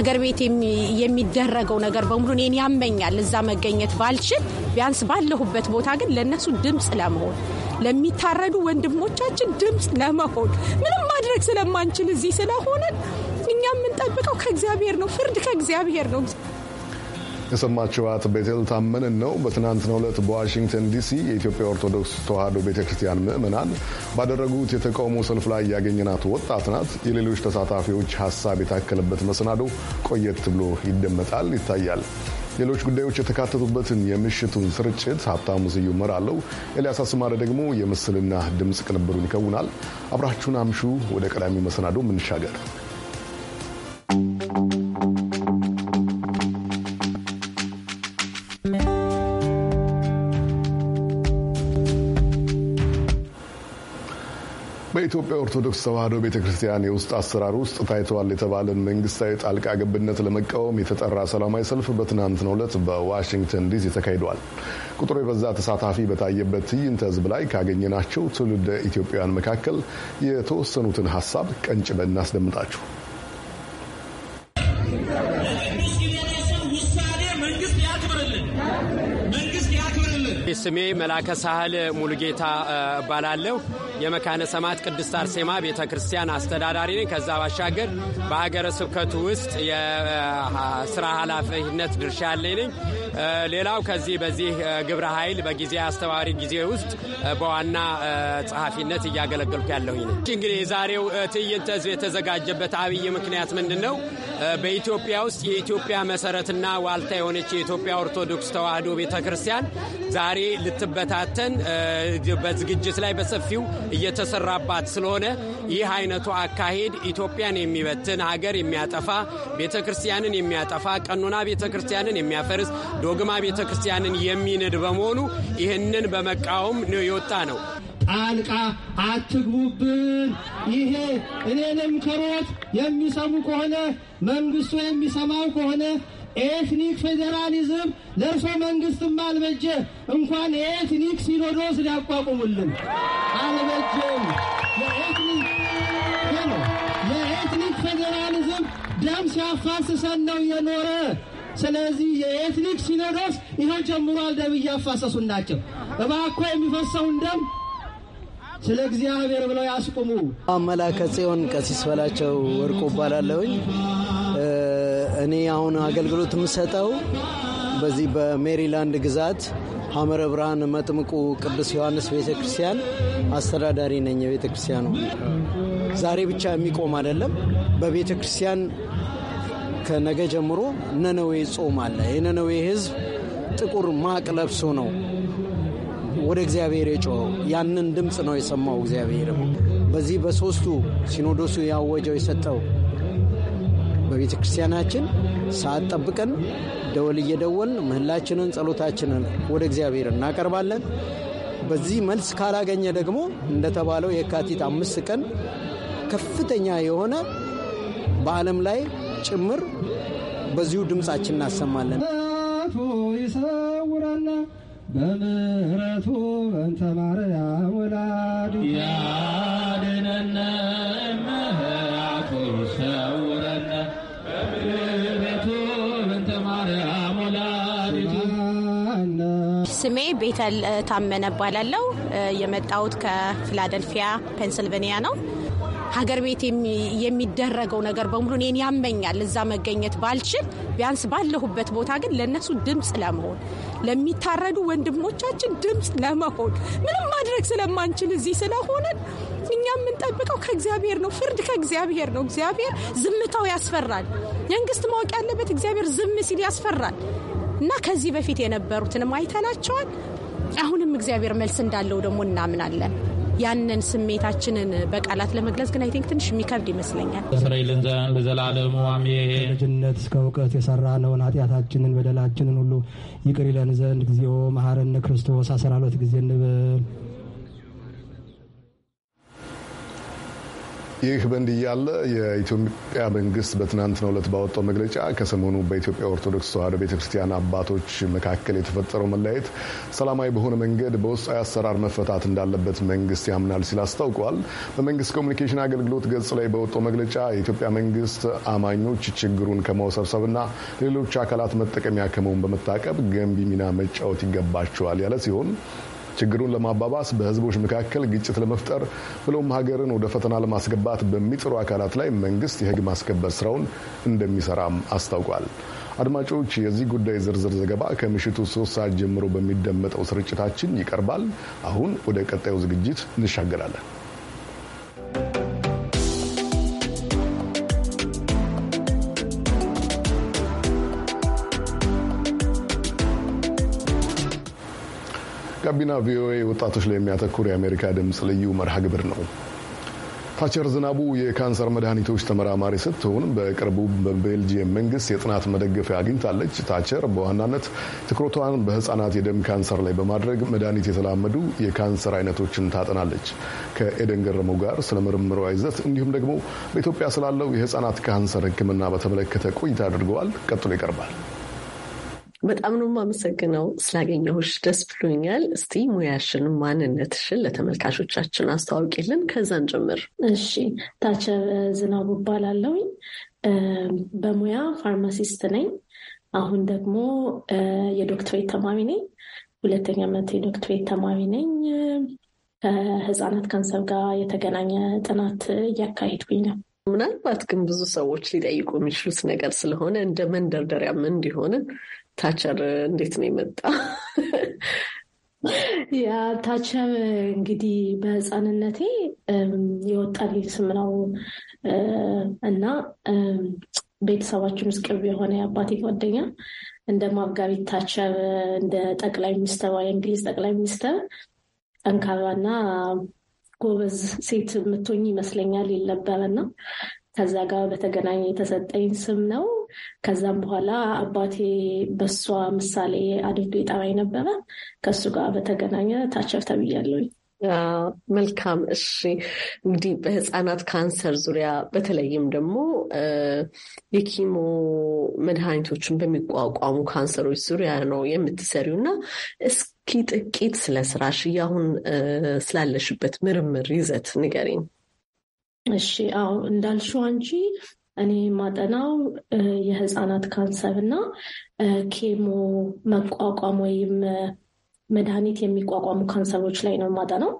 አገር ቤት የሚደረገው ነገር በሙሉ እኔን ያመኛል። እዛ መገኘት ባልችል ቢያንስ ባለሁበት ቦታ ግን ለእነሱ ድምፅ ለመሆን ለሚታረዱ ወንድሞቻችን ድምፅ ለመሆን ምንም ማድረግ ስለማንችል እዚህ ስለሆነን እኛ የምንጠብቀው ከእግዚአብሔር ነው። ፍርድ ከእግዚአብሔር ነው። የሰማችኋት ቤቴል ታመንን ነው። በትናንትናው ዕለት በዋሽንግተን ዲሲ የኢትዮጵያ ኦርቶዶክስ ተዋሕዶ ቤተ ክርስቲያን ምዕመናን ባደረጉት የተቃውሞ ሰልፍ ላይ ያገኘናት ወጣት ናት። የሌሎች ተሳታፊዎች ሀሳብ የታከለበት መሰናዶ ቆየት ብሎ ይደመጣል፣ ይታያል። ሌሎች ጉዳዮች የተካተቱበትን የምሽቱን ስርጭት ሀብታሙ ስዩም እመራለሁ። ኤልያስ አስማረ ደግሞ የምስልና ድምፅ ቅንብሩን ይከውናል። አብራችሁን አምሹ። ወደ ቀዳሚው መሰናዶ ምንሻገር? በኢትዮጵያ ኦርቶዶክስ ተዋሕዶ ቤተ ክርስቲያን የውስጥ አሰራር ውስጥ ታይተዋል የተባለን መንግስታዊ ጣልቃ ገብነት ለመቃወም የተጠራ ሰላማዊ ሰልፍ በትናንትናው ዕለት በዋሽንግተን ዲሲ ተካሂዷል። ቁጥሩ የበዛ ተሳታፊ በታየበት ትዕይንተ ህዝብ ላይ ካገኘናቸው ትውልደ ኢትዮጵያውያን መካከል የተወሰኑትን ሀሳብ ቀንጭበን እናስደምጣችሁ። ስሜ መላከ ሳህል ሙሉጌታ እባላለሁ። የመካነ ሰማት ቅድስት አርሴማ ቤተ ክርስቲያን አስተዳዳሪ ነኝ። ከዛ ባሻገር በሀገረ ስብከቱ ውስጥ የስራ ኃላፊነት ድርሻ ያለኝ ነኝ። ሌላው ከዚህ በዚህ ግብረ ኃይል በጊዜ አስተባባሪ ጊዜ ውስጥ በዋና ጸሐፊነት እያገለገልኩ ያለሁኝ ነኝ። እንግዲህ የዛሬው ትዕይንተ ህዝብ የተዘጋጀበት አብይ ምክንያት ምንድን ነው? በኢትዮጵያ ውስጥ የኢትዮጵያ መሰረትና ዋልታ የሆነች የኢትዮጵያ ኦርቶዶክስ ተዋህዶ ቤተ ክርስቲያን ዛሬ ልትበታተን በዝግጅት ላይ በሰፊው እየተሰራባት ስለሆነ ይህ አይነቱ አካሄድ ኢትዮጵያን የሚበትን ሀገር የሚያጠፋ ቤተ ክርስቲያንን የሚያጠፋ ቀኖና ቤተ ክርስቲያንን የሚያፈርስ ዶግማ ቤተ ክርስቲያንን የሚንድ በመሆኑ ይህንን በመቃወም የወጣ ነው። ጣልቃ አትግቡብን። ይሄ እኔንም ክሮት የሚሰሙ ከሆነ መንግስቱ የሚሰማው ከሆነ ኤትኒክ ፌዴራሊዝም ለእርሶ መንግስትም አልበጀ፣ እንኳን የኤትኒክ ሲኖዶስ ሊያቋቁሙልን አልበጀም። የኤትኒክ ፌዴራሊዝም ደም ሲያፋስሰን ነው የኖረ። ስለዚህ የኤትኒክ ሲኖዶስ ይኸው ጀምሯል። ደም እያፋሰሱን ናቸው። እባኮ የሚፈሰውን ደም ስለ እግዚአብሔር ብለው ያስቁሙ። አመላከ ጽዮን ቀሲስ በላቸው ወርቁ እባላለሁኝ። እኔ አሁን አገልግሎት የምሰጠው በዚህ በሜሪላንድ ግዛት ሐመረ ብርሃን መጥምቁ ቅዱስ ዮሐንስ ቤተ ክርስቲያን አስተዳዳሪ ነኝ። የቤተ ክርስቲያኑ ዛሬ ብቻ የሚቆም አይደለም። በቤተ ክርስቲያን ከነገ ጀምሮ ነነዌ ጾም አለ። የነነዌ ሕዝብ ጥቁር ማቅ ለብሶ ነው ወደ እግዚአብሔር የጮኸው። ያንን ድምፅ ነው የሰማው እግዚአብሔር በዚህ በሶስቱ ሲኖዶሱ ያወጀው የሰጠው በቤተ ክርስቲያናችን ሰዓት ጠብቀን ደወል እየደወልን ምህላችንን፣ ጸሎታችንን ወደ እግዚአብሔር እናቀርባለን። በዚህ መልስ ካላገኘ ደግሞ እንደተባለው የካቲት አምስት ቀን ከፍተኛ የሆነ በዓለም ላይ ጭምር በዚሁ ድምፃችን እናሰማለን። ይሰውራና በምሕረቱ በእንተ ማርያም ወላድ ያድነነ ስሜ ቤተል ታመነ ባላለው የመጣሁት ከፊላደልፊያ ፔንስልቬኒያ ነው። ሀገር ቤት የሚደረገው ነገር በሙሉ እኔን ያመኛል። እዛ መገኘት ባልችል ቢያንስ ባለሁበት ቦታ ግን ለእነሱ ድምፅ ለመሆን ለሚታረዱ ወንድሞቻችን ድምፅ ለመሆን ምንም ማድረግ ስለማንችል እዚህ ስለሆነን እኛ የምንጠብቀው ከእግዚአብሔር ነው። ፍርድ ከእግዚአብሔር ነው። እግዚአብሔር ዝምታው ያስፈራል። መንግስት ማወቅ ያለበት እግዚአብሔር ዝም ሲል ያስፈራል። እና ከዚህ በፊት የነበሩትንም አይተናቸዋል። አሁንም እግዚአብሔር መልስ እንዳለው ደግሞ እናምናለን። ያንን ስሜታችንን በቃላት ለመግለጽ ግን አይ ቲንክ ትንሽ የሚከብድ ይመስለኛል። ስረይ ለዘላለሙ አሜን። ልጅነት እስከ እውቀት የሰራነውን ኃጢአታችንን በደላችንን ሁሉ ይቅር ይለን ዘንድ ጊዜው መሐረነ ክርስቶስ አሰራሎት ጊዜ እንብል ይህ በእንዲህ ያለ የኢትዮጵያ መንግስት በትናንትናው ዕለት ባወጣው መግለጫ ከሰሞኑ በኢትዮጵያ ኦርቶዶክስ ተዋሕዶ ቤተክርስቲያን አባቶች መካከል የተፈጠረው መለያየት ሰላማዊ በሆነ መንገድ በውስጣዊ አሰራር መፈታት እንዳለበት መንግስት ያምናል ሲል አስታውቋል። በመንግስት ኮሚኒኬሽን አገልግሎት ገጽ ላይ በወጣው መግለጫ የኢትዮጵያ መንግስት አማኞች ችግሩን ከመውሰብሰብና ሌሎች አካላት መጠቀሚያ ከመሆን በመታቀብ ገንቢ ሚና መጫወት ይገባቸዋል ያለ ሲሆን ችግሩን ለማባባስ በህዝቦች መካከል ግጭት ለመፍጠር ብሎም ሀገርን ወደ ፈተና ለማስገባት በሚጥሩ አካላት ላይ መንግስት የህግ ማስከበር ስራውን እንደሚሰራም አስታውቋል። አድማጮች የዚህ ጉዳይ ዝርዝር ዘገባ ከምሽቱ ሶስት ሰዓት ጀምሮ በሚደመጠው ስርጭታችን ይቀርባል። አሁን ወደ ቀጣዩ ዝግጅት እንሻገራለን። ጋቢና ቪኦኤ ወጣቶች ላይ የሚያተኩር የአሜሪካ ድምፅ ልዩ መርሃ ግብር ነው። ታቸር ዝናቡ የካንሰር መድኃኒቶች ተመራማሪ ስትሆን በቅርቡ በቤልጅየም መንግስት የጥናት መደገፊያ አግኝታለች። ታቸር በዋናነት ትኩረቷን በህጻናት የደም ካንሰር ላይ በማድረግ መድኃኒት የተላመዱ የካንሰር አይነቶችን ታጠናለች። ከኤደን ገረመው ጋር ስለ ምርምሯ ይዘት እንዲሁም ደግሞ በኢትዮጵያ ስላለው የህጻናት ካንሰር ሕክምና በተመለከተ ቆይታ አድርገዋል። ቀጥሎ ይቀርባል። በጣም ነው የማመሰግነው ስላገኘሁሽ፣ ደስ ብሎኛል። እስቲ ሙያሽንም ማንነትሽን ለተመልካቾቻችን አስተዋውቂልን፣ ከዛን ጀምር። እሺ፣ ታቸ ዝናቡ እባላለሁኝ። በሙያ ፋርማሲስት ነኝ። አሁን ደግሞ የዶክትሬት ተማሪ ነኝ። ሁለተኛ ዓመት የዶክትሬት ተማሪ ነኝ። ከህፃናት ካንሰር ጋር የተገናኘ ጥናት እያካሄድኩኝ ነው። ምናልባት ግን ብዙ ሰዎች ሊጠይቁ የሚችሉት ነገር ስለሆነ እንደ መንደርደሪያም እንዲሆንን ታቸር እንዴት ነው የመጣ? ያ ታቸር እንግዲህ በህፃንነቴ የወጣልኝ ስም ነው እና ቤተሰባችን ውስጥ ቅርብ የሆነ የአባቴ ጓደኛ እንደ ማርጋሪት ታቸር እንደ ጠቅላይ ሚኒስትር የእንግሊዝ ጠቅላይ ሚኒስትር ጠንካራና ጎበዝ ሴት የምትሆኝ ይመስለኛል ይል ነበረና ከዛ ጋር በተገናኘ የተሰጠኝ ስም ነው። ከዛም በኋላ አባቴ በሷ ምሳሌ አድርጎ የጠራኝ ነበረ። ከሱ ጋር በተገናኘ ታቸር ተብያለሁኝ። መልካም። እሺ እንግዲህ በህፃናት ካንሰር ዙሪያ በተለይም ደግሞ የኪሞ መድኃኒቶችን በሚቋቋሙ ካንሰሮች ዙሪያ ነው የምትሰሪው እና እስኪ ጥቂት ስለ ስራሽ፣ ስላለሽበት ምርምር ይዘት ንገሪኝ። እሺ አዎ እንዳልሽው አንቺ እኔ ማጠናው የህፃናት ካንሰር እና ኬሞ መቋቋም ወይም መድኃኒት የሚቋቋሙ ካንሰሮች ላይ ነው ማጠናው።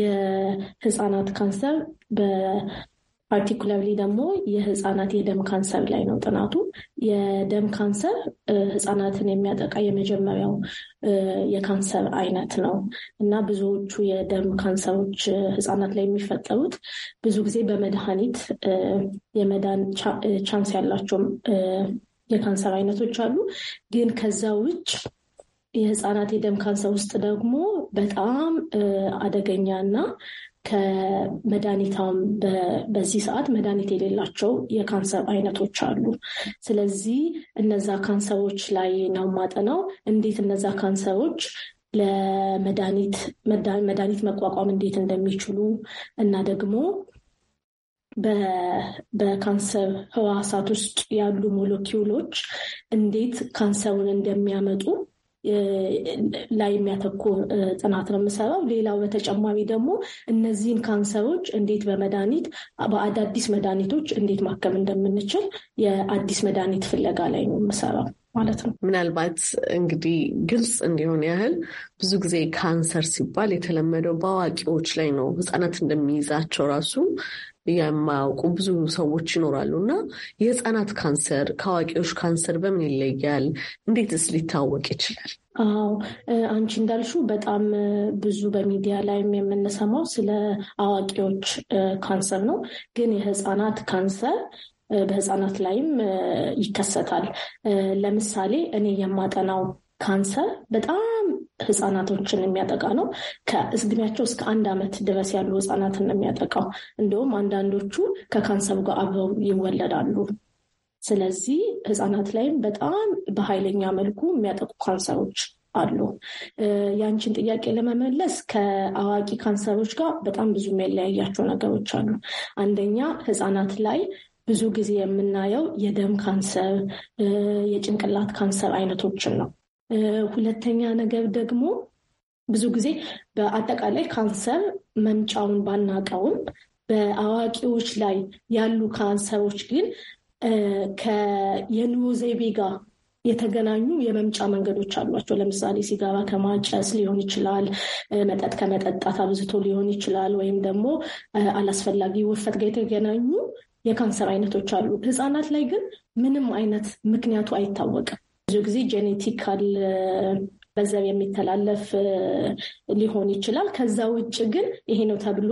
የህፃናት ካንሰር ፓርቲኩላርሊ ደግሞ የህፃናት የደም ካንሰር ላይ ነው ጥናቱ። የደም ካንሰር ህፃናትን የሚያጠቃ የመጀመሪያው የካንሰር አይነት ነው እና ብዙዎቹ የደም ካንሰሮች ህፃናት ላይ የሚፈጠሩት ብዙ ጊዜ በመድኃኒት የመዳን ቻንስ ያላቸው የካንሰር አይነቶች አሉ። ግን ከዛ ውጭ የህፃናት የደም ካንሰር ውስጥ ደግሞ በጣም አደገኛ እና ከመድኃኒታም በዚህ ሰዓት መድኃኒት የሌላቸው የካንሰር አይነቶች አሉ። ስለዚህ እነዛ ካንሰሮች ላይ ነው ማጠናው እንዴት እነዛ ካንሰሮች ለመድኃኒት መቋቋም እንዴት እንደሚችሉ እና ደግሞ በካንሰር ህዋሳት ውስጥ ያሉ ሞለኪውሎች እንዴት ካንሰሩን እንደሚያመጡ ላይ የሚያተኩር ጥናት ነው የምሰራው። ሌላው በተጨማሪ ደግሞ እነዚህን ካንሰሮች እንዴት በመድኃኒት በአዳዲስ መድኃኒቶች እንዴት ማከም እንደምንችል የአዲስ መድኃኒት ፍለጋ ላይ ነው የምሰራው። ማለት ነው። ምናልባት እንግዲህ ግልጽ እንዲሆን ያህል ብዙ ጊዜ ካንሰር ሲባል የተለመደው በአዋቂዎች ላይ ነው። ህጻናት እንደሚይዛቸው ራሱ የማያውቁ ብዙ ሰዎች ይኖራሉ እና የህፃናት ካንሰር ከአዋቂዎች ካንሰር በምን ይለያል? እንዴትስ ሊታወቅ ይችላል? አዎ አንቺ እንዳልሹ በጣም ብዙ በሚዲያ ላይም የምንሰማው ስለ አዋቂዎች ካንሰር ነው። ግን የህፃናት ካንሰር በህፃናት ላይም ይከሰታል። ለምሳሌ እኔ የማጠናው ካንሰር በጣም ህጻናቶችን የሚያጠቃ ነው። ከእድሜያቸው እስከ አንድ ዓመት ድረስ ያሉ ህጻናትን የሚያጠቃው እንደውም አንዳንዶቹ ከካንሰሩ ጋር አብረው ይወለዳሉ። ስለዚህ ህጻናት ላይም በጣም በኃይለኛ መልኩ የሚያጠቁ ካንሰሮች አሉ። ያንቺን ጥያቄ ለመመለስ ከአዋቂ ካንሰሮች ጋር በጣም ብዙ የሚለያያቸው ነገሮች አሉ። አንደኛ ህጻናት ላይ ብዙ ጊዜ የምናየው የደም ካንሰር፣ የጭንቅላት ካንሰር አይነቶችን ነው። ሁለተኛ ነገር ደግሞ ብዙ ጊዜ በአጠቃላይ ካንሰር መምጫውን ባናቀውም በአዋቂዎች ላይ ያሉ ካንሰሮች ግን ከየኑሮ ዘይቤ ጋር የተገናኙ የመምጫ መንገዶች አሏቸው። ለምሳሌ ሲጋራ ከማጨስ ሊሆን ይችላል፣ መጠጥ ከመጠጣት አብዝቶ ሊሆን ይችላል፣ ወይም ደግሞ አላስፈላጊ ውፍረት ጋር የተገናኙ የካንሰር አይነቶች አሉ። ህጻናት ላይ ግን ምንም አይነት ምክንያቱ አይታወቅም። ብዙ ጊዜ ጄኔቲካል በዘብ የሚተላለፍ ሊሆን ይችላል። ከዛ ውጭ ግን ይሄ ነው ተብሎ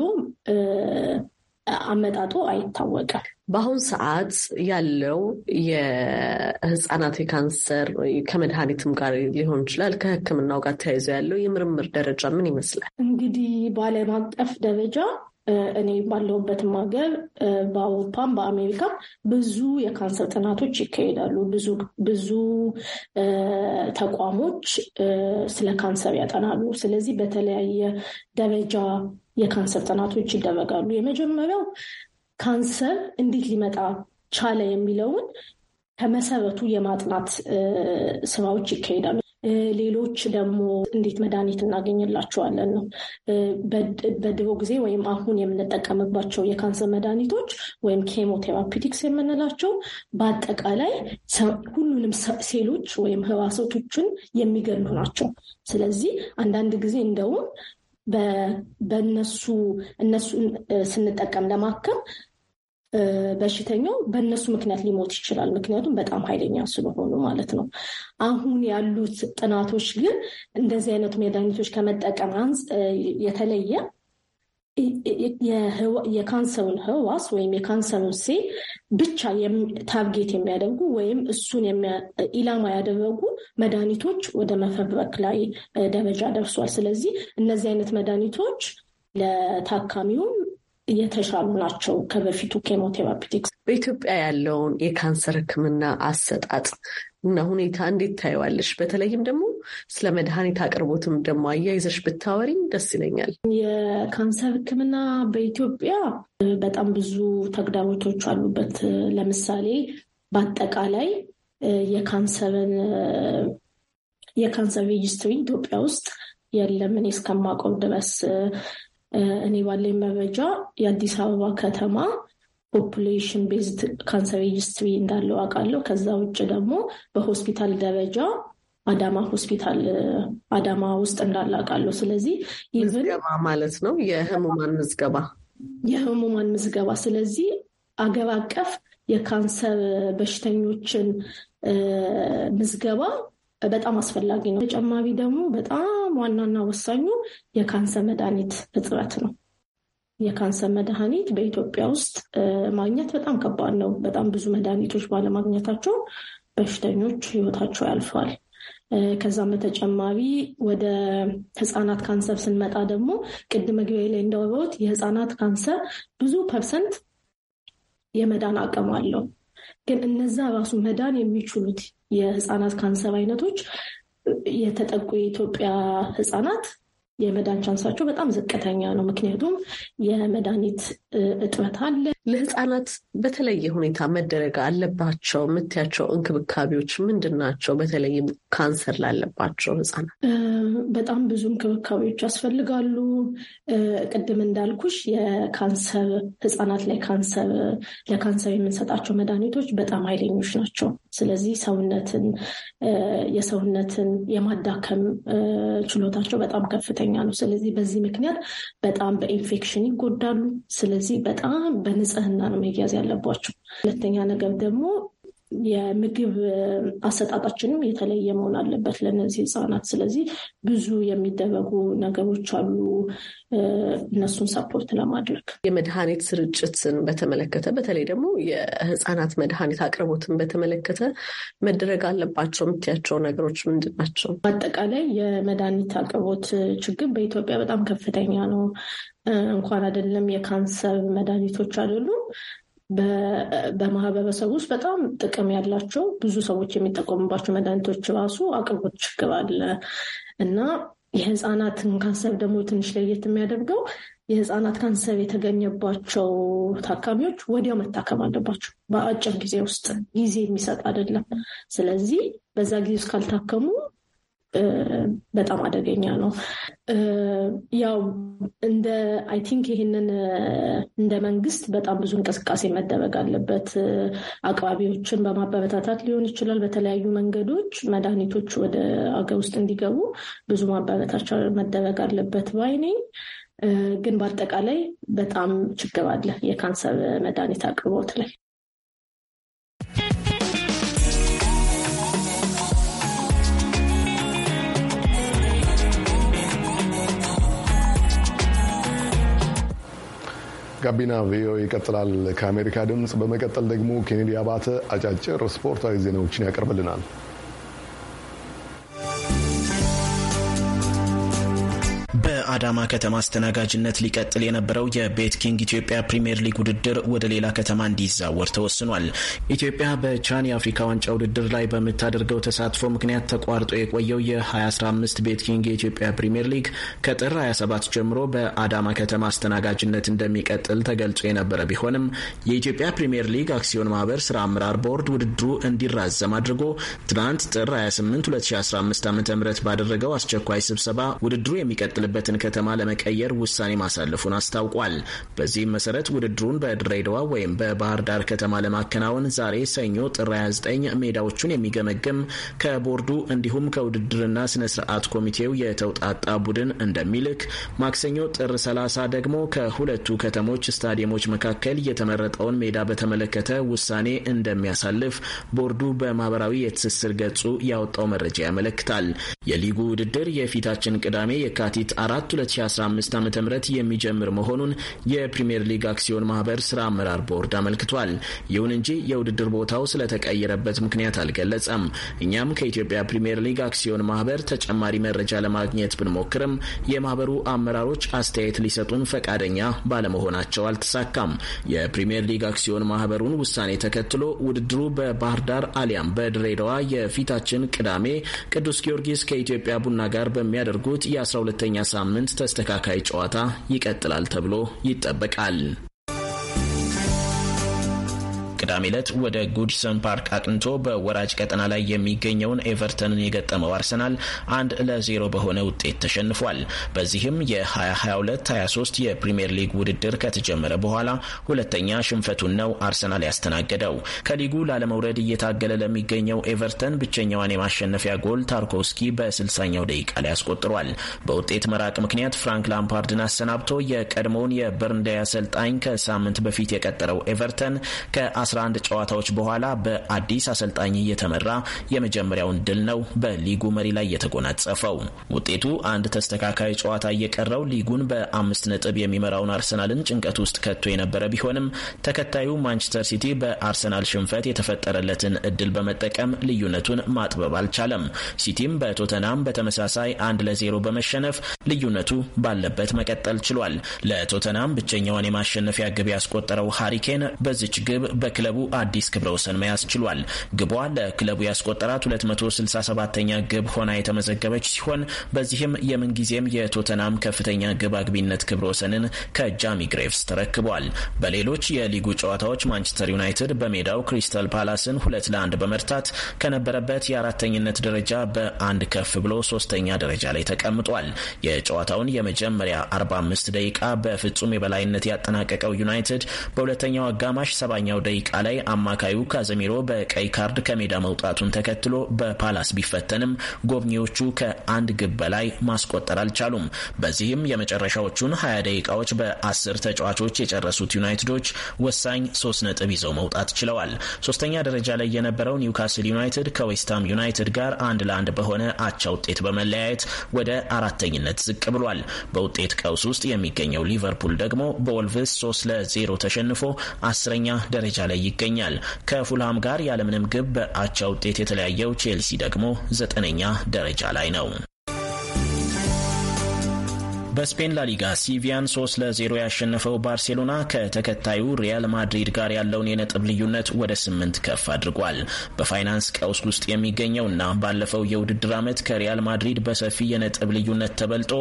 አመጣጡ አይታወቅም። በአሁን ሰዓት ያለው የህፃናት የካንሰር ከመድኃኒትም ጋር ሊሆን ይችላል ከህክምናው ጋር ተያይዞ ያለው የምርምር ደረጃ ምን ይመስላል? እንግዲህ በዓለም አቀፍ ደረጃ እኔ ባለሁበትም ሀገር በአውሮፓም በአሜሪካ ብዙ የካንሰር ጥናቶች ይካሄዳሉ። ብዙ ተቋሞች ስለ ካንሰር ያጠናሉ። ስለዚህ በተለያየ ደረጃ የካንሰር ጥናቶች ይደረጋሉ። የመጀመሪያው ካንሰር እንዴት ሊመጣ ቻለ የሚለውን ከመሰረቱ የማጥናት ስራዎች ይካሄዳሉ። ሌሎች ደግሞ እንዴት መድኃኒት እናገኝላቸዋለን ነው። በድሮ ጊዜ ወይም አሁን የምንጠቀምባቸው የካንሰር መድኃኒቶች ወይም ኬሞቴራፒቲክስ የምንላቸው በአጠቃላይ ሁሉንም ሴሎች ወይም ህዋሰቶችን የሚገሉ ናቸው። ስለዚህ አንዳንድ ጊዜ እንደውም በእነሱ እነሱን ስንጠቀም ለማከም በሽተኛው በእነሱ ምክንያት ሊሞት ይችላል። ምክንያቱም በጣም ኃይለኛ ስለሆኑ ማለት ነው። አሁን ያሉት ጥናቶች ግን እንደዚህ አይነት መድኃኒቶች ከመጠቀም የተለየ የካንሰሩን ህዋስ ወይም የካንሰሩን ሴ ብቻ ታርጌት የሚያደርጉ ወይም እሱን ኢላማ ያደረጉ መድኃኒቶች ወደ መፈብረክ ላይ ደረጃ ደርሷል። ስለዚህ እነዚህ አይነት መድኃኒቶች ለታካሚውም እየተሻሉ ናቸው ከበፊቱ ኬሞቴራፒቲክስ። በኢትዮጵያ ያለውን የካንሰር ሕክምና አሰጣጥ እና ሁኔታ እንዴት ታየዋለሽ? በተለይም ደግሞ ስለ መድኃኒት አቅርቦትም ደግሞ አያይዘሽ ብታወሪኝ ደስ ይለኛል። የካንሰር ሕክምና በኢትዮጵያ በጣም ብዙ ተግዳሮቶች አሉበት። ለምሳሌ በአጠቃላይ የካንሰርን የካንሰር ሬጅስትሪ ኢትዮጵያ ውስጥ የለም። እኔ እስከማውቀው ድረስ እኔ ባለኝ መረጃ የአዲስ አበባ ከተማ ፖፑሌሽን ቤዝድ ካንሰር ሬጅስትሪ እንዳለው አውቃለሁ። ከዛ ውጭ ደግሞ በሆስፒታል ደረጃ አዳማ ሆስፒታል አዳማ ውስጥ እንዳለ አውቃለሁ። ስለዚህ ምዝገባ ማለት ነው፣ የህሙማን ምዝገባ የህሙማን ምዝገባ። ስለዚህ አገር አቀፍ የካንሰር በሽተኞችን ምዝገባ በጣም አስፈላጊ ነው። ተጨማሪ ደግሞ በጣም ዋናና ወሳኙ የካንሰር መድኃኒት እጥረት ነው። የካንሰር መድኃኒት በኢትዮጵያ ውስጥ ማግኘት በጣም ከባድ ነው። በጣም ብዙ መድኃኒቶች ባለማግኘታቸው በሽተኞች ህይወታቸው ያልፈዋል። ከዛም በተጨማሪ ወደ ህፃናት ካንሰር ስንመጣ ደግሞ ቅድም መግቢያ ላይ እንዳወራሁት የህፃናት ካንሰር ብዙ ፐርሰንት የመዳን አቅም አለው። ግን እነዛ ራሱ መዳን የሚችሉት የህፃናት ካንሰር አይነቶች የተጠቁ የኢትዮጵያ ህጻናት የመዳን ቻንሳቸው በጣም ዝቅተኛ ነው። ምክንያቱም የመድኃኒት እጥረት አለ፣ ለህፃናት በተለየ ሁኔታ መደረግ አለባቸው የምትያቸው እንክብካቤዎች ምንድን ናቸው? በተለይም ካንሰር ላለባቸው ህፃናት በጣም ብዙ እንክብካቤዎች ያስፈልጋሉ። ቅድም እንዳልኩሽ የካንሰር ህፃናት ላይ ካንሰር ለካንሰር የምንሰጣቸው መድኃኒቶች በጣም ኃይለኞች ናቸው። ስለዚህ ሰውነትን የሰውነትን የማዳከም ችሎታቸው በጣም ከፍተኛ ነው። ስለዚህ በዚህ ምክንያት በጣም በኢንፌክሽን ይጎዳሉ። ስለዚህ በጣም በነፃ በንጽህና ነው መያዝ ያለባቸው። ሁለተኛ ነገር ደግሞ የምግብ አሰጣጣችንም የተለየ መሆን አለበት ለእነዚህ ህጻናት። ስለዚህ ብዙ የሚደረጉ ነገሮች አሉ እነሱን ሰፖርት ለማድረግ። የመድኃኒት ስርጭትን በተመለከተ በተለይ ደግሞ የህጻናት መድኃኒት አቅርቦትን በተመለከተ መደረግ አለባቸው የምትያቸው ነገሮች ምንድን ናቸው? በአጠቃላይ የመድኃኒት አቅርቦት ችግር በኢትዮጵያ በጣም ከፍተኛ ነው። እንኳን አይደለም የካንሰር መድኃኒቶች አይደሉም በማህበረሰብ ውስጥ በጣም ጥቅም ያላቸው ብዙ ሰዎች የሚጠቀሙባቸው መድኃኒቶች ራሱ አቅርቦት ችግር አለ እና የህፃናትን ካንሰር ደግሞ ትንሽ ለየት የሚያደርገው የህፃናት ካንሰር የተገኘባቸው ታካሚዎች ወዲያው መታከም አለባቸው። በአጭር ጊዜ ውስጥ ጊዜ የሚሰጥ አይደለም። ስለዚህ በዛ ጊዜ ውስጥ ካልታከሙ በጣም አደገኛ ነው። ያው እንደ አይ ቲንክ ይህንን እንደ መንግስት በጣም ብዙ እንቅስቃሴ መደረግ አለበት። አቅራቢዎችን በማበረታታት ሊሆን ይችላል። በተለያዩ መንገዶች መድኃኒቶች ወደ አገር ውስጥ እንዲገቡ ብዙ ማበረታቻ መደረግ አለበት ባይኔ ግን በአጠቃላይ በጣም ችግር አለ የካንሰር መድኃኒት አቅርቦት ላይ። ጋቢና ቪኦኤ ይቀጥላል። ከአሜሪካ ድምፅ በመቀጠል ደግሞ ኬኔዲ አባተ አጫጭር ስፖርታዊ ዜናዎችን ያቀርብልናል። በአዳማ ከተማ አስተናጋጅነት ሊቀጥል የነበረው የቤት ኪንግ ኢትዮጵያ ፕሪምየር ሊግ ውድድር ወደ ሌላ ከተማ እንዲዛወር ተወስኗል። ኢትዮጵያ በቻን የአፍሪካ ዋንጫ ውድድር ላይ በምታደርገው ተሳትፎ ምክንያት ተቋርጦ የቆየው የ2015 ቤት ኪንግ የኢትዮጵያ ፕሪምየር ሊግ ከጥር 27 ጀምሮ በአዳማ ከተማ አስተናጋጅነት እንደሚቀጥል ተገልጾ የነበረ ቢሆንም የኢትዮጵያ ፕሪምየር ሊግ አክሲዮን ማህበር ስራ አመራር ቦርድ ውድድሩ እንዲራዘም አድርጎ ትናንት ጥር 28 2015 ዓ ም ባደረገው አስቸኳይ ስብሰባ ውድድሩ የሚቀጥልበትን ከተማ ለመቀየር ውሳኔ ማሳለፉን አስታውቋል። በዚህም መሰረት ውድድሩን በድሬዳዋ ወይም በባህር ዳር ከተማ ለማከናወን ዛሬ ሰኞ ጥር 29 ሜዳዎቹን የሚገመግም ከቦርዱ እንዲሁም ከውድድርና ስነ ስርዓት ኮሚቴው የተውጣጣ ቡድን እንደሚልክ፣ ማክሰኞ ጥር 30 ደግሞ ከሁለቱ ከተሞች ስታዲየሞች መካከል የተመረጠውን ሜዳ በተመለከተ ውሳኔ እንደሚያሳልፍ ቦርዱ በማህበራዊ የትስስር ገጹ ያወጣው መረጃ ያመለክታል። የሊጉ ውድድር የፊታችን ቅዳሜ የካቲት አራት 2015 ዓ ም የሚጀምር መሆኑን የፕሪምየር ሊግ አክሲዮን ማህበር ስራ አመራር ቦርድ አመልክቷል። ይሁን እንጂ የውድድር ቦታው ስለተቀየረበት ምክንያት አልገለጸም። እኛም ከኢትዮጵያ ፕሪምየር ሊግ አክሲዮን ማህበር ተጨማሪ መረጃ ለማግኘት ብንሞክርም የማህበሩ አመራሮች አስተያየት ሊሰጡን ፈቃደኛ ባለመሆናቸው አልተሳካም። የፕሪምየር ሊግ አክሲዮን ማህበሩን ውሳኔ ተከትሎ ውድድሩ በባህር ዳር አሊያም በድሬዳዋ የፊታችን ቅዳሜ ቅዱስ ጊዮርጊስ ከኢትዮጵያ ቡና ጋር በሚያደርጉት የ12ኛ ሳምንት ሳምንት ተስተካካይ ጨዋታ ይቀጥላል ተብሎ ይጠበቃል። ቅዳሜ ዕለት ወደ ጉድሰን ፓርክ አቅንቶ በወራጅ ቀጠና ላይ የሚገኘውን ኤቨርተንን የገጠመው አርሰናል አንድ ለዜሮ በሆነ ውጤት ተሸንፏል። በዚህም የ2022/23 የፕሪምየር ሊግ ውድድር ከተጀመረ በኋላ ሁለተኛ ሽንፈቱን ነው አርሰናል ያስተናገደው። ከሊጉ ላለመውረድ እየታገለ ለሚገኘው ኤቨርተን ብቸኛዋን የማሸነፊያ ጎል ታርኮውስኪ በ60ኛው ደቂቃ ላይ አስቆጥሯል። በውጤት መራቅ ምክንያት ፍራንክ ላምፓርድን አሰናብቶ የቀድሞውን የበርንዳይ አሰልጣኝ ከሳምንት በፊት የቀጠረው ኤቨርተን ከ 11 ጨዋታዎች በኋላ በአዲስ አሰልጣኝ እየተመራ የመጀመሪያውን ድል ነው በሊጉ መሪ ላይ የተጎናጸፈው። ውጤቱ አንድ ተስተካካይ ጨዋታ እየቀረው ሊጉን በአምስት ነጥብ የሚመራውን አርሰናልን ጭንቀት ውስጥ ከቶ የነበረ ቢሆንም ተከታዩ ማንቸስተር ሲቲ በአርሰናል ሽንፈት የተፈጠረለትን እድል በመጠቀም ልዩነቱን ማጥበብ አልቻለም። ሲቲም በቶተናም በተመሳሳይ አንድ ለዜሮ በመሸነፍ ልዩነቱ ባለበት መቀጠል ችሏል። ለቶተናም ብቸኛውን የማሸነፊያ ግብ ያስቆጠረው ሃሪኬን በዚች ግብ በ ለክለቡ አዲስ ክብረ ወሰን መያዝ ችሏል። ግቧ ለክለቡ ያስቆጠራት 267ኛ ግብ ሆና የተመዘገበች ሲሆን በዚህም የምንጊዜም የቶተናም ከፍተኛ ግብ አግቢነት ክብረ ወሰንን ከጃሚ ግሬቭስ ተረክቧል። በሌሎች የሊጉ ጨዋታዎች ማንቸስተር ዩናይትድ በሜዳው ክሪስታል ፓላስን ሁለት ለአንድ በመርታት ከነበረበት የአራተኝነት ደረጃ በአንድ ከፍ ብሎ ሶስተኛ ደረጃ ላይ ተቀምጧል። የጨዋታውን የመጀመሪያ 45 ደቂቃ በፍጹም የበላይነት ያጠናቀቀው ዩናይትድ በሁለተኛው አጋማሽ ሰባኛው ደቂቃ ደቂቃ ላይ አማካዩ ካዘሚሮ በቀይ ካርድ ከሜዳ መውጣቱን ተከትሎ በፓላስ ቢፈተንም ጎብኚዎቹ ከአንድ ግብ በላይ ማስቆጠር አልቻሉም። በዚህም የመጨረሻዎቹን 20 ደቂቃዎች በአስር ተጫዋቾች የጨረሱት ዩናይትዶች ወሳኝ ሶስት ነጥብ ይዘው መውጣት ችለዋል። ሶስተኛ ደረጃ ላይ የነበረው ኒውካስል ዩናይትድ ከዌስትሃም ዩናይትድ ጋር አንድ ለአንድ በሆነ አቻ ውጤት በመለያየት ወደ አራተኝነት ዝቅ ብሏል። በውጤት ቀውስ ውስጥ የሚገኘው ሊቨርፑል ደግሞ በወልቭስ 3 ለዜሮ ተሸንፎ አስረኛ ደረጃ ላይ ላይ ይገኛል። ከፉልሃም ጋር ያለምንም ግብ በአቻ ውጤት የተለያየው ቼልሲ ደግሞ ዘጠነኛ ደረጃ ላይ ነው። በስፔን ላሊጋ ሲቪያን ለ ለዜሮ ያሸነፈው ባርሴሎና ከተከታዩ ሪያል ማድሪድ ጋር ያለውን የነጥብ ልዩነት ወደ ስምንት ከፍ አድርጓል። በፋይናንስ ቀውስ ውስጥ የሚገኘውና ባለፈው የውድድር ዓመት ከሪያል ማድሪድ በሰፊ የነጥብ ልዩነት ተበልጦ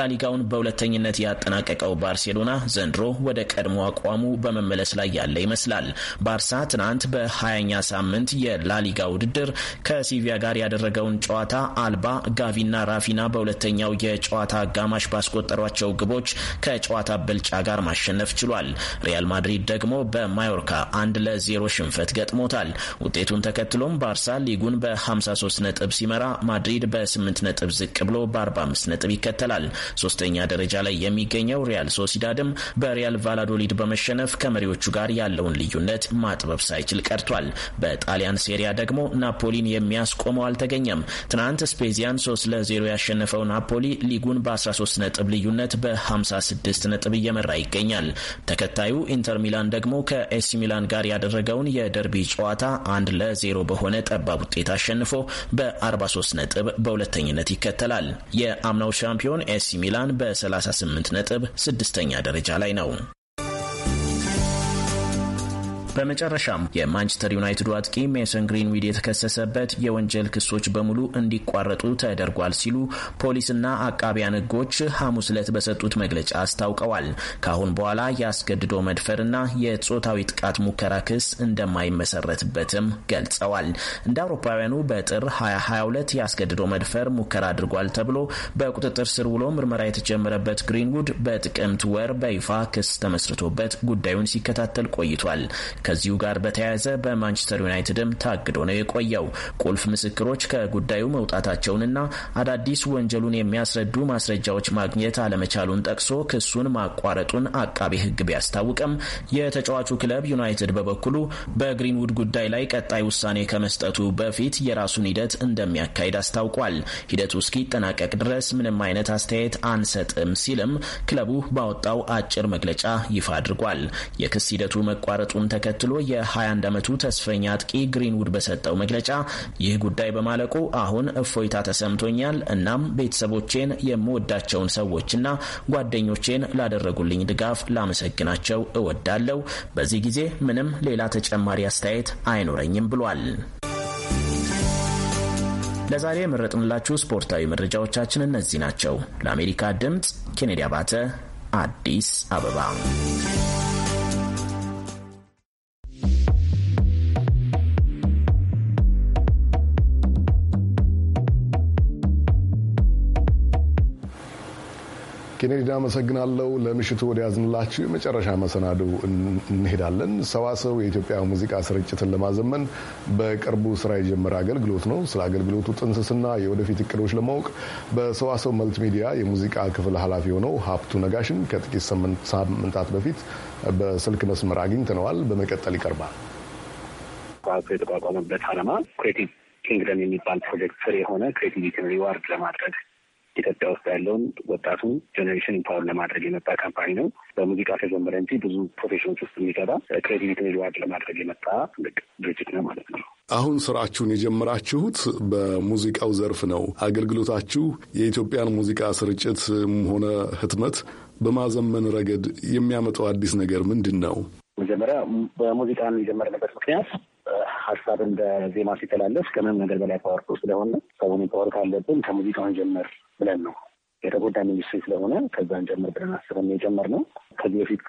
ላሊጋውን በሁለተኝነት ያጠናቀቀው ባርሴሎና ዘንድሮ ወደ ቀድሞ አቋሙ በመመለስ ላይ ያለ ይመስላል። ባርሳ ትናንት በ20ኛ ሳምንት የላሊጋ ውድድር ከሲቪያ ጋር ያደረገውን ጨዋታ አልባ፣ ጋቪና ራፊና በሁለተኛው የጨዋታ አጋማሽ ባስቆ ባስቆጠሯቸው ግቦች ከጨዋታ ብልጫ ጋር ማሸነፍ ችሏል። ሪያል ማድሪድ ደግሞ በማዮርካ አንድ ለዜሮ ሽንፈት ገጥሞታል። ውጤቱን ተከትሎም ባርሳ ሊጉን በ53 ነጥብ ሲመራ ማድሪድ በ8 ነጥብ ዝቅ ብሎ በ45 ነጥብ ይከተላል። ሶስተኛ ደረጃ ላይ የሚገኘው ሪያል ሶሲዳድም በሪያል ቫላዶሊድ በመሸነፍ ከመሪዎቹ ጋር ያለውን ልዩነት ማጥበብ ሳይችል ቀርቷል። በጣሊያን ሴሪያ ደግሞ ናፖሊን የሚያስቆመው አልተገኘም። ትናንት ስፔዚያን 3 ለ0 ያሸነፈው ናፖሊ ሊጉን በ13 ነጥብ ልዩነት በ56 ነጥብ እየመራ ይገኛል። ተከታዩ ኢንተር ሚላን ደግሞ ከኤሲ ሚላን ጋር ያደረገውን የደርቢ ጨዋታ አንድ ለዜሮ በሆነ ጠባብ ውጤት አሸንፎ በ43 ነጥብ በሁለተኝነት ይከተላል። የአምናው ሻምፒዮን ኤሲ ሚላን በ38 ነጥብ ስድስተኛ ደረጃ ላይ ነው። በመጨረሻም የማንቸስተር ዩናይትዱ አጥቂ ሜሰን ግሪንዊድ የተከሰሰበት የወንጀል ክሶች በሙሉ እንዲቋረጡ ተደርጓል ሲሉ ፖሊስና አቃቢያን ሕጎች ሐሙስ ዕለት በሰጡት መግለጫ አስታውቀዋል። ከአሁን በኋላ የአስገድዶ መድፈርና የጾታዊ ጥቃት ሙከራ ክስ እንደማይመሰረትበትም ገልጸዋል። እንደ አውሮፓውያኑ በጥር 2022 የአስገድዶ መድፈር ሙከራ አድርጓል ተብሎ በቁጥጥር ስር ውሎ ምርመራ የተጀመረበት ግሪንውድ በጥቅምት ወር በይፋ ክስ ተመስርቶበት ጉዳዩን ሲከታተል ቆይቷል። ከዚሁ ጋር በተያያዘ በማንቸስተር ዩናይትድም ታግዶ ነው የቆየው። ቁልፍ ምስክሮች ከጉዳዩ መውጣታቸውንና አዳዲስ ወንጀሉን የሚያስረዱ ማስረጃዎች ማግኘት አለመቻሉን ጠቅሶ ክሱን ማቋረጡን አቃቢ ሕግ ቢያስታውቅም የተጫዋቹ ክለብ ዩናይትድ በበኩሉ በግሪንውድ ጉዳይ ላይ ቀጣይ ውሳኔ ከመስጠቱ በፊት የራሱን ሂደት እንደሚያካሂድ አስታውቋል። ሂደቱ እስኪጠናቀቅ ድረስ ምንም አይነት አስተያየት አንሰጥም ሲልም ክለቡ ባወጣው አጭር መግለጫ ይፋ አድርጓል። የክስ ሂደቱ መቋረጡን ተከ ተከትሎ የ21 ዓመቱ ተስፈኛ አጥቂ ግሪንውድ በሰጠው መግለጫ ይህ ጉዳይ በማለቁ አሁን እፎይታ ተሰምቶኛል። እናም ቤተሰቦቼን፣ የምወዳቸውን ሰዎችና ጓደኞቼን ላደረጉልኝ ድጋፍ ላመሰግናቸው እወዳለሁ። በዚህ ጊዜ ምንም ሌላ ተጨማሪ አስተያየት አይኖረኝም ብሏል። ለዛሬ የመረጥንላችሁ ስፖርታዊ መረጃዎቻችን እነዚህ ናቸው። ለአሜሪካ ድምፅ ኬኔዲ አባተ አዲስ አበባ እንግዲህ አመሰግናለሁ። ለምሽቱ ወደ ያዝንላችሁ የመጨረሻ መሰናዶ እንሄዳለን። ሰዋሰው የኢትዮጵያ ሙዚቃ ስርጭትን ለማዘመን በቅርቡ ስራ የጀመረ አገልግሎት ነው። ስለ አገልግሎቱ ጥንስስና የወደፊት እቅዶች ለማወቅ በሰዋሰው መልቲሚዲያ የሙዚቃ ክፍል ኃላፊ የሆነው ሀብቱ ነጋሽን ከጥቂት ሳምንታት በፊት በስልክ መስመር አግኝተነዋል። በመቀጠል ይቀርባል። የተቋቋመበት ዓላማ ክሬቲቭ ኪንግደም የሚባል ፕሮጀክት ስር የሆነ ክሬቲቪቲን ሪዋርድ ለማድረግ ኢትዮጵያ ውስጥ ያለውን ወጣቱን ጀኔሬሽን ኢምፓወር ለማድረግ የመጣ ካምፓኒ ነው። በሙዚቃ ተጀመረ እንጂ ብዙ ፕሮፌሽኖች ውስጥ የሚገባ ክሬዲቪቲ ሪዋርድ ለማድረግ የመጣ ትልቅ ድርጅት ነው ማለት ነው። አሁን ስራችሁን የጀመራችሁት በሙዚቃው ዘርፍ ነው። አገልግሎታችሁ የኢትዮጵያን ሙዚቃ ስርጭት ሆነ ህትመት በማዘመን ረገድ የሚያመጣው አዲስ ነገር ምንድን ነው? መጀመሪያ በሙዚቃን የጀመርንበት ምክንያት ሀሳብ እንደ ዜማ ሲተላለፍ ከምንም ነገር በላይ ፓወርፉል ስለሆነ ሰውን ፓወር ካለብን ከሙዚቃውን ጀመር ብለን ነው የተጎዳ ኢንዱስትሪ ስለሆነ ከዛን ጀምር ብለን አስበን የጀመር ነው። ከዚህ በፊት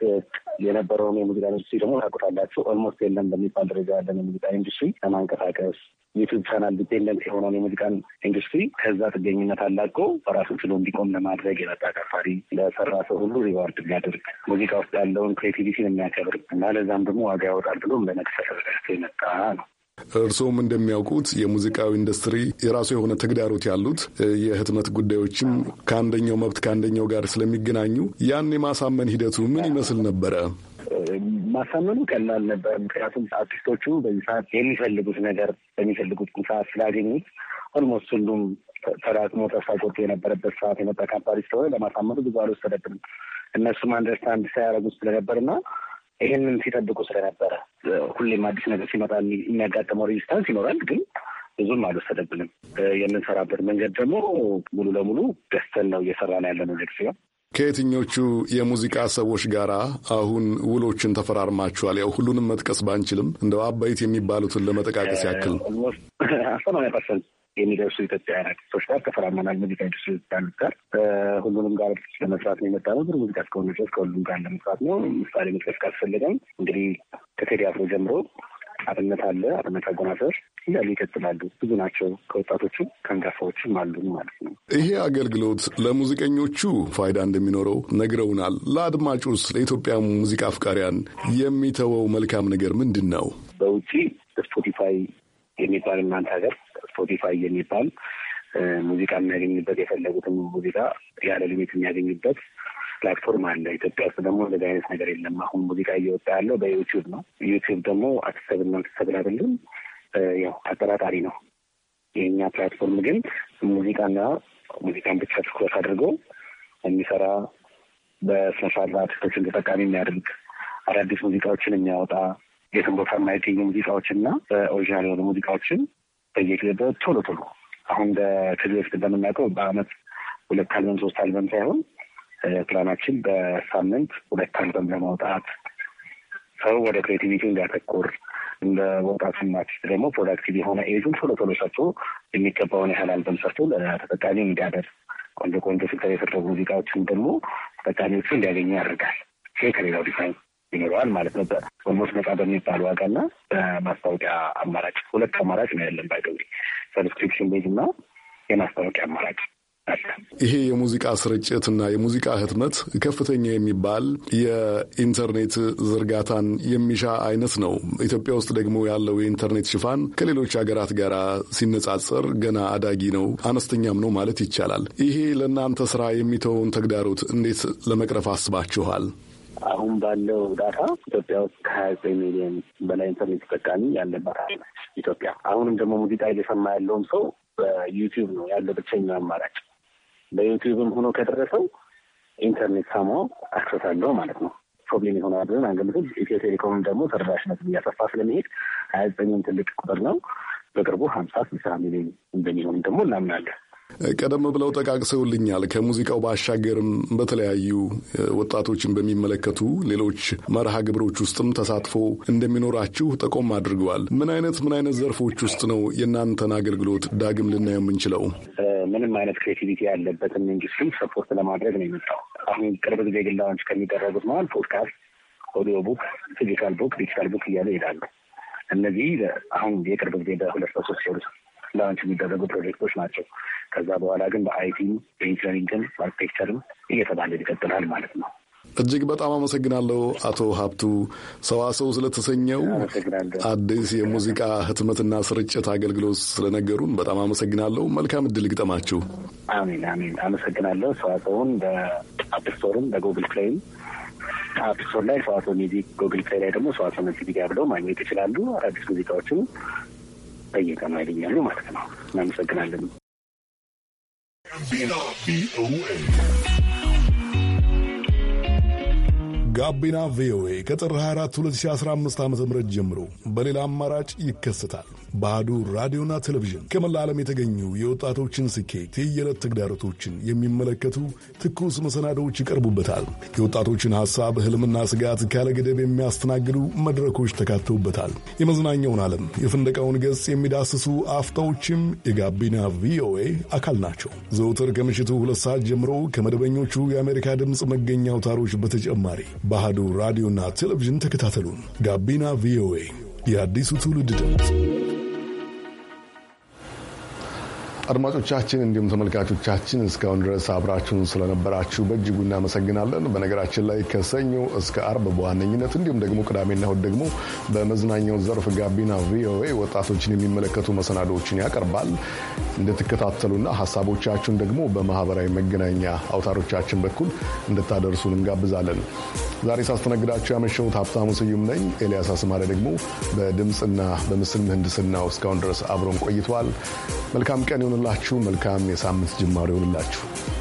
የነበረውን የሙዚቃ ኢንዱስትሪ ደግሞ ታውቁታላችሁ፣ ኦልሞስት የለም በሚባል ደረጃ ያለን የሙዚቃ ኢንዱስትሪ ለማንቀሳቀስ ዩቱብ ቻናል ዲፔንደንት የሆነውን የሙዚቃን ኢንዱስትሪ ከዛ ጥገኝነት አላቆ በራሱ ችሎ እንዲቆም ለማድረግ የመጣ ቀፋሪ ለሰራ ሰው ሁሉ ሪዋርድ የሚያደርግ ሙዚቃ ውስጥ ያለውን ክሬቲቪቲን የሚያከብር እና ለዛም ደግሞ ዋጋ ያወጣል ብሎ ለነቅሰ ተዘጋጅቶ የመጣ ነው። እርስዎም እንደሚያውቁት የሙዚቃው ኢንዱስትሪ የራሱ የሆነ ተግዳሮት ያሉት የህትመት ጉዳዮችም ከአንደኛው መብት ከአንደኛው ጋር ስለሚገናኙ ያን የማሳመን ሂደቱ ምን ይመስል ነበረ? ማሳመኑ ቀላል ነበር። ምክንያቱም አርቲስቶቹ በዚህ ሰዓት የሚፈልጉት ነገር በሚፈልጉት ሰዓት ስላገኙት ኦልሞስት ሁሉም ተዳክሞ ተስፋ ቆርጦ የነበረበት ሰዓት የመጣ ካምፓኒ ስለሆነ ለማሳመኑ ብዙ አልወሰደብንም። እነሱም አንደርስታንድ ስለነበር ስለነበርና ይህንን ሲጠብቁ ስለነበረ ሁሌም አዲስ ነገር ሲመጣ የሚያጋጥመው ሬጅስታንስ ይኖራል ግን ብዙም አልወሰደብንም። የምንሰራበት መንገድ ደግሞ ሙሉ ለሙሉ ደስተን ነው እየሰራ ነው ነገር ሲሆን ከየትኞቹ የሙዚቃ ሰዎች ጋር አሁን ውሎችን ተፈራርማችኋል? ያው ሁሉንም መጥቀስ ባንችልም እንደው አበይት የሚባሉትን ለመጠቃቀስ ያክል ነው። የሚደርሱ ኢትዮጵያውያን አርቲስቶች ጋር ተፈራመናል። ሙዚቃ ኢንዱስትሪ ያሉት ጋር ሁሉንም ጋር ለመስራት ነው የመጣ ነው። ሙዚቃ እስከሆነ ድረስ ከሁሉም ጋር ለመስራት ነው። ምሳሌ መጥቀስ ካስፈለገም እንግዲህ ከቴዲ አፍሮ ጀምሮ አብነት አለ፣ አብነት አጎናፍር እያሉ ይቀጥላሉ። ብዙ ናቸው። ከወጣቶቹም ከንጋፋዎችም አሉ ማለት ነው። ይሄ አገልግሎት ለሙዚቀኞቹ ፋይዳ እንደሚኖረው ነግረውናል። ለአድማጩስ፣ ለኢትዮጵያ ሙዚቃ አፍቃሪያን የሚተወው መልካም ነገር ምንድን ነው? በውጭ ስፖቲፋይ የሚባል እናንተ ሀገር ስፖቲፋይ የሚባል ሙዚቃ የሚያገኝበት የፈለጉትን ሙዚቃ ያለ ሊሚት የሚያገኝበት ፕላትፎርም አለ። ኢትዮጵያ ውስጥ ደግሞ እንደዚህ አይነት ነገር የለም። አሁን ሙዚቃ እየወጣ ያለው በዩቲዩብ ነው። ዩቲዩብ ደግሞ አክሰብና አትሰብል አይደለም፣ ያው አጠራጣሪ ነው። የእኛ ፕላትፎርም ግን ሙዚቃና ሙዚቃን ብቻ ትኩረት አድርጎ የሚሰራ በስነስርዓት አርቲስቶችን ተጠቃሚ የሚያደርግ አዳዲስ ሙዚቃዎችን የሚያወጣ የትም ቦታ የማይገኙ ሙዚቃዎችና ኦሪጂናል የሆኑ ሙዚቃዎችን በየጊዜው ቶሎ ቶሎ አሁን ከዚህ በፊት እንደምናውቀው በአመት ሁለት አልበም ሶስት አልበም ሳይሆን ፕላናችን በሳምንት ሁለት አልበም ለማውጣት ሰው ወደ ክሬቲቪቲ እንዲያተኩር እንደ ወጣቱም አርቲስት ደግሞ ፕሮዳክቲቭ የሆነ ኤጁን ቶሎ ቶሎ ሰርቶ የሚገባውን ያህል አልበም ሰርቶ ለተጠቃሚ እንዲያደርስ ቆንጆ ቆንጆ ፊልተር የሰጠው ሙዚቃዎችን ደግሞ ተጠቃሚዎቹ እንዲያገኙ ያደርጋል። ይህ ከሌላው ዲዛይን ይኖረዋል ማለት ነው። ኦልሞስት ነጻ በሚባል ዋጋ በማስታወቂያ አማራጭ ሁለት አማራጭ ነው ያለን ባይገ ሰብስክሪፕሽን ቤዝ እና የማስታወቂያ አማራጭ ይሄ የሙዚቃ ስርጭትና የሙዚቃ ህትመት ከፍተኛ የሚባል የኢንተርኔት ዝርጋታን የሚሻ አይነት ነው። ኢትዮጵያ ውስጥ ደግሞ ያለው የኢንተርኔት ሽፋን ከሌሎች ሀገራት ጋር ሲነጻጸር ገና አዳጊ ነው፣ አነስተኛም ነው ማለት ይቻላል። ይሄ ለእናንተ ስራ የሚተውን ተግዳሮት እንዴት ለመቅረፍ አስባችኋል? አሁን ባለው ዳታ ኢትዮጵያ ውስጥ ከሀያ ዘጠኝ ሚሊዮን በላይ ኢንተርኔት ተጠቃሚ ያለባት ኢትዮጵያ። አሁንም ደግሞ ሙዚቃ እየሰማ ያለውም ሰው በዩቲዩብ ነው ያለው ብቸኛ አማራጭ። በዩቲዩብም ሆኖ ከደረሰው ኢንተርኔት ሰማው አክሰስ አለው ማለት ነው። ፕሮብሌም የሆነ ብለን አንገምትም። ኢትዮ ቴሌኮምም ደግሞ ተደራሽነት እያሰፋ ስለመሄድ ሀያ ዘጠኝም ትልቅ ቁጥር ነው። በቅርቡ ሀምሳ ስልሳ ሚሊዮን እንደሚሆን ደግሞ እናምናለን። ቀደም ብለው ጠቃቅሰውልኛል። ከሙዚቃው ባሻገርም በተለያዩ ወጣቶችን በሚመለከቱ ሌሎች መርሃ ግብሮች ውስጥም ተሳትፎ እንደሚኖራችሁ ጠቆም አድርገዋል። ምን አይነት ምን አይነት ዘርፎች ውስጥ ነው የእናንተን አገልግሎት ዳግም ልናየው የምንችለው? ምንም አይነት ክሬቲቪቲ ያለበትን መንግስትም ሰፖርት ለማድረግ ነው የመጣው። አሁን ቅርብ ጊዜ ግላዎች ከሚደረጉት መሀል ፖድካስት፣ ኦዲዮ ቡክ፣ ፊዚካል ቡክ፣ ዲጂታል ቡክ እያሉ ይሄዳሉ። እነዚህ አሁን የቅርብ ጊዜ በሁለት በሶስት ላንች የሚደረጉ ፕሮጀክቶች ናቸው። ከዛ በኋላ ግን በአይቲም በኢንጂነሪንግም በአርክቴክቸርም እየተባለ ይቀጥላል ማለት ነው። እጅግ በጣም አመሰግናለሁ አቶ ሀብቱ ሰዋሰው ስለተሰኘው አዲስ የሙዚቃ ህትመትና ስርጭት አገልግሎት ስለነገሩን በጣም አመሰግናለሁ። መልካም እድል ግጠማችሁ። አሜን አሜን። አመሰግናለሁ። ሰዋሰውን በአፕስቶርም በጉግል ፕሌይም አፕስቶር ላይ ሰዋሰው ሚዚክ፣ ጉግል ፕሌይ ላይ ደግሞ ሰዋሰው ሚዚክ ብለው ማግኘት ይችላሉ። አዳዲስ ሙዚቃዎችን በየቀኑ ያገኛሉ ማለት ነው። እናመሰግናለን። ጋቢና ቪኦኤ ከጥር 24 2015 ዓ ም ጀምሮ በሌላ አማራጭ ይከሰታል። ባህዱ ራዲዮና ቴሌቪዥን ከመላ ዓለም የተገኙ የወጣቶችን ስኬት፣ የየዕለት ተግዳሮቶችን የሚመለከቱ ትኩስ መሰናዶዎች ይቀርቡበታል። የወጣቶችን ሐሳብ፣ ህልምና ስጋት ካለገደብ የሚያስተናግዱ መድረኮች ተካተውበታል። የመዝናኛውን ዓለም፣ የፍንደቃውን ገጽ የሚዳስሱ አፍታዎችም የጋቢና ቪኦኤ አካል ናቸው። ዘውትር ከምሽቱ ሁለት ሰዓት ጀምሮ ከመደበኞቹ የአሜሪካ ድምፅ መገኛ አውታሮች በተጨማሪ በአሃዱ ራዲዮና ቴሌቪዥን ተከታተሉን። ጋቢና ቪኦኤ የአዲሱ ትውልድ ድምፅ አድማጮቻችን እንዲሁም ተመልካቾቻችን እስካሁን ድረስ አብራችሁን ስለነበራችሁ በእጅጉ እናመሰግናለን። በነገራችን ላይ ከሰኞ እስከ አርብ በዋነኝነት እንዲሁም ደግሞ ቅዳሜና እሁድ ደግሞ በመዝናኛው ዘርፍ ጋቢና ቪኦኤ ወጣቶችን የሚመለከቱ መሰናዶዎችን ያቀርባል። እንድትከታተሉና ሀሳቦቻችሁን ደግሞ በማህበራዊ መገናኛ አውታሮቻችን በኩል እንድታደርሱን እንጋብዛለን። ዛሬ ሳስተናግዳችሁ ያመሸሁት ሀብታሙ ስዩም ነኝ። ኤልያስ አስማሪ ደግሞ በድምፅና በምስል ምህንድስናው እስካሁን ድረስ አብሮን ቆይተዋል። መልካም ቀን ይሁን። ይሁንላችሁ። መልካም የሳምንት ጅማሪ ይሁንላችሁ።